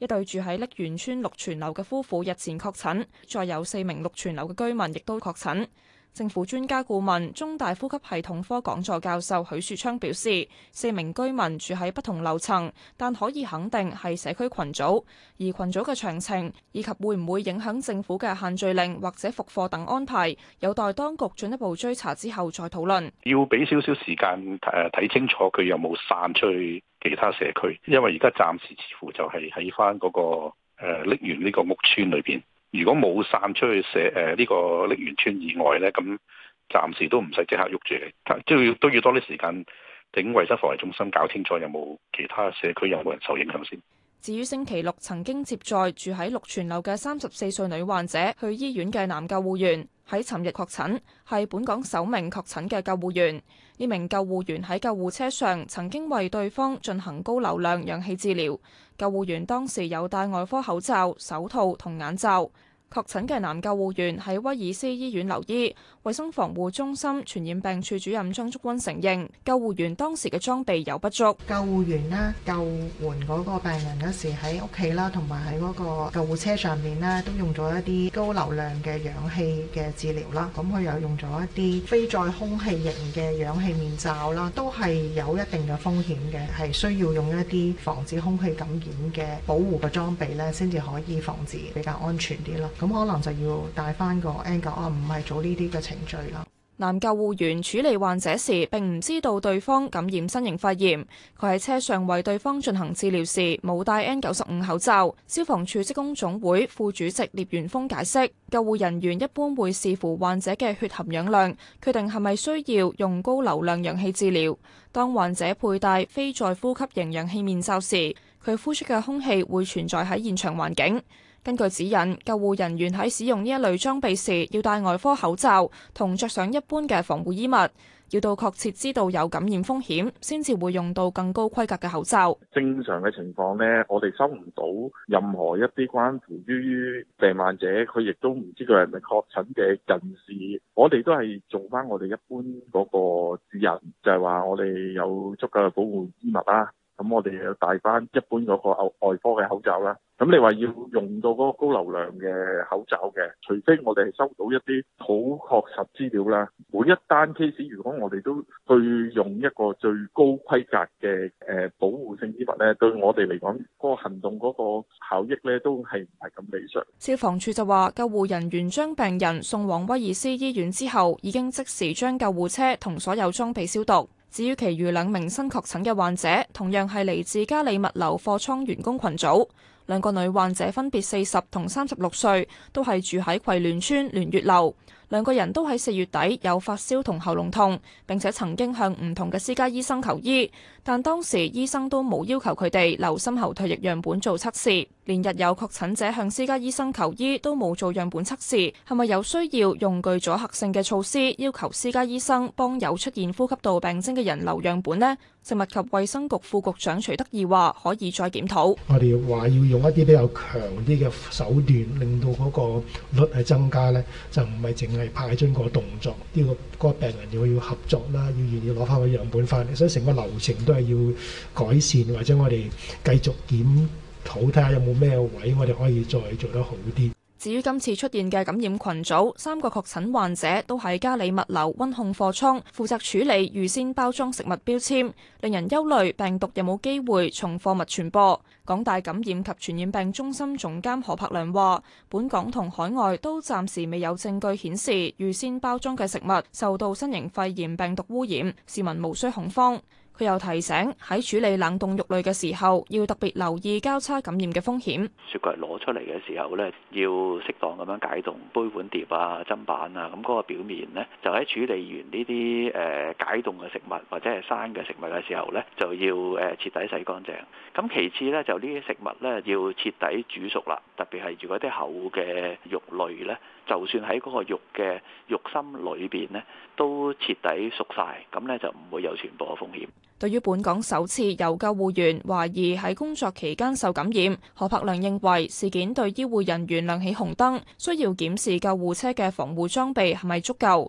一對住喺瀝源邨祿泉樓嘅夫婦日前確診，再有四名祿泉樓嘅居民亦都確診。政府專家顧問、中大呼吸系統科講座教授許樹昌表示，四名居民住喺不同樓層，但可以肯定係社區群組。而群組嘅詳情以及會唔會影響政府嘅限聚令或者復課等安排，有待當局進一步追查之後再討論。要俾少少時間睇清楚佢有冇散出去。其他社區，因為而家暫時似乎就係喺翻嗰個誒瀝源呢個屋村裏邊。如果冇散出去社，誒呢個瀝源邨以外咧，咁暫時都唔使即刻喐住嚟，即係都要多啲時間整衞生防疫中心搞清楚有冇其他社區有冇人受影響先。至於星期六曾經接載住喺祿泉樓嘅三十四歲女患者去醫院嘅男救護員。喺尋日確診，係本港首名確診嘅救護員。呢名救護員喺救護車上曾經為對方進行高流量氧氣治療。救護員當時有戴外科口罩、手套同眼罩。確診嘅男救護員喺威爾斯醫院留醫，衛生防護中心傳染病處主任張竹君承認，救護員當時嘅裝備有不足。救護員咧救援嗰個病人嗰時喺屋企啦，同埋喺嗰個救護車上面咧，都用咗一啲高流量嘅氧氣嘅治療啦。咁佢又用咗一啲非載空氣型嘅氧氣面罩啦，都係有一定嘅風險嘅，係需要用一啲防止空氣感染嘅保護嘅裝備咧，先至可以防止，比較安全啲咯。咁可能就要戴翻個 N 九啊，唔係做呢啲嘅程序啦。男救護員處理患者時並唔知道對方感染新型肺炎。佢喺車上為對方進行治療時冇戴 N 九十五口罩。消防處職工總會副主席聶元峰解釋：救護人員一般會視乎患者嘅血含氧量，決定係咪需要用高流量氧氣治療。當患者佩戴非再呼吸型氧氣面罩時，佢呼出嘅空氣會存在喺現場環境。根據指引，救護人員喺使用呢一類裝備時，要戴外科口罩同着上一般嘅防護衣物，要到確切知道有感染風險，先至會用到更高規格嘅口罩。正常嘅情況呢，我哋收唔到任何一啲關乎於病患者，佢亦都唔知佢係咪確診嘅人士。我哋都係做翻我哋一般嗰個指引，就係話我哋有足夠嘅保護衣物啦。咁我哋要戴翻一般嗰個外科嘅口罩啦。咁你話要用到嗰個高流量嘅口罩嘅，除非我哋收到一啲好確實資料啦。每一單 case，如果我哋都去用一個最高規格嘅誒保護性衣物咧，對我哋嚟講，嗰個行動嗰個效益咧，都係唔係咁理想。消防處就話，救護人員將病人送往威爾斯醫院之後，已經即時將救護車同所有裝備消毒。至於其餘兩名新確診嘅患者，同樣係嚟自嘉里物流貨倉員工群組。兩個女患者分別四十同三十六歲，都係住喺葵聯邨聯月樓。兩個人都喺四月底有發燒同喉嚨痛，並且曾經向唔同嘅私家醫生求醫，但當時醫生都冇要求佢哋留深喉唾液樣本做測試。連日有確診者向私家醫生求醫都冇做樣本測試，係咪有需要用具阻嚇性嘅措施，要求私家醫生幫有出現呼吸道病徵嘅人留樣本呢？食物及衛生局副局長徐德義話：可以再檢討。我哋話要用一啲比較強啲嘅手段，令到嗰個率係增加呢，就唔係淨。係派進個動作，呢、這個嗰、那個病人要要合作啦，要願意攞翻個樣本翻嚟，所以成個流程都係要改善，或者我哋繼續檢討，睇下有冇咩位我哋可以再做得好啲。至於今次出現嘅感染群組，三個確診患者都喺嘉里物流溫控貨倉負責處理預先包裝食物標籤，令人憂慮病毒有冇機會從貨物傳播。港大感染及傳染病中心總監何柏良話，本港同海外都暫時未有證據顯示預先包裝嘅食物受到新型肺炎病毒污染，市民無需恐慌。佢又提醒喺處理冷凍肉類嘅時候，要特別留意交叉感染嘅風險。雪櫃攞出嚟嘅時候呢，要適當咁樣解凍杯碗碟啊、砧板啊，咁嗰個表面呢，就喺處理完呢啲誒解凍嘅食物或者係生嘅食物嘅時候呢，就要誒徹底洗乾淨。咁其次呢，就呢啲食物呢，要徹底煮熟啦，特別係如果啲厚嘅肉類呢。就算喺嗰個肉嘅肉心裏邊咧，都徹底熟曬，咁咧就唔會有傳播嘅風險。對於本港首次有救護員懷疑喺工作期間受感染，何柏良認為事件對醫護人員亮起紅燈，需要檢視救護車嘅防護裝備係咪足夠。